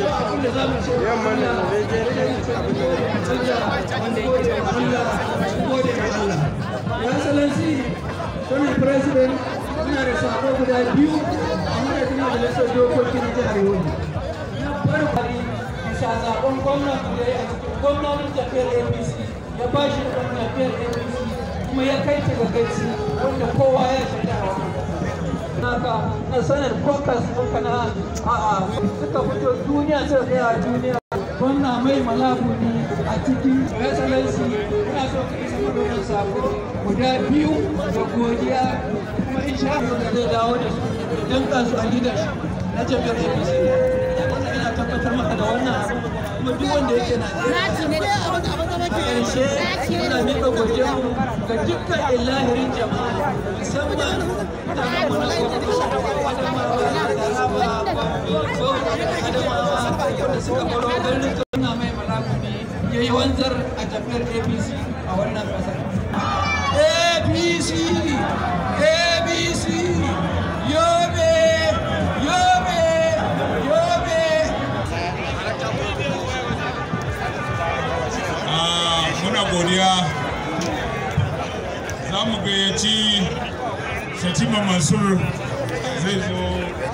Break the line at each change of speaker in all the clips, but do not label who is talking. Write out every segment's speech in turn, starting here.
yamma da zai je president ina guda biyu a madadin majalisar dokokin jihar yobe ya apc ya da apc kuma ya kai ta ga gaci wanda kowa ya naka na sanin focus ɗinka na a'a suka fito duniya suka kai a duniya gwamna mai malabu ne a cikin excellency ina so ka isa madonin sako guda biyu da godiya kuma insha Allah zai dawo da su don kasu a leadership na jam'iyyar APC wannan ina tabbatar maka da wannan abu kuma duk wanda yake na a ƙarshe ina miƙa godiya ga dukkan ilahirin jama'a musamman da wanda suka wanzar a a wannan kasar yobe yobe yobe ah, muna godiya za mu gayyaci shatima mansur zai zo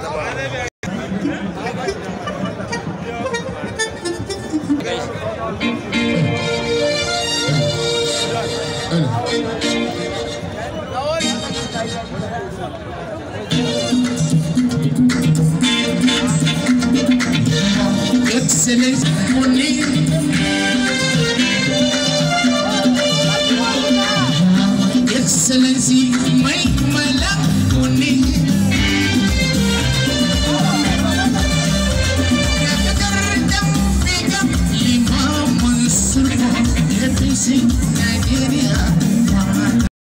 Excelência, make my mãe, sing Nigeria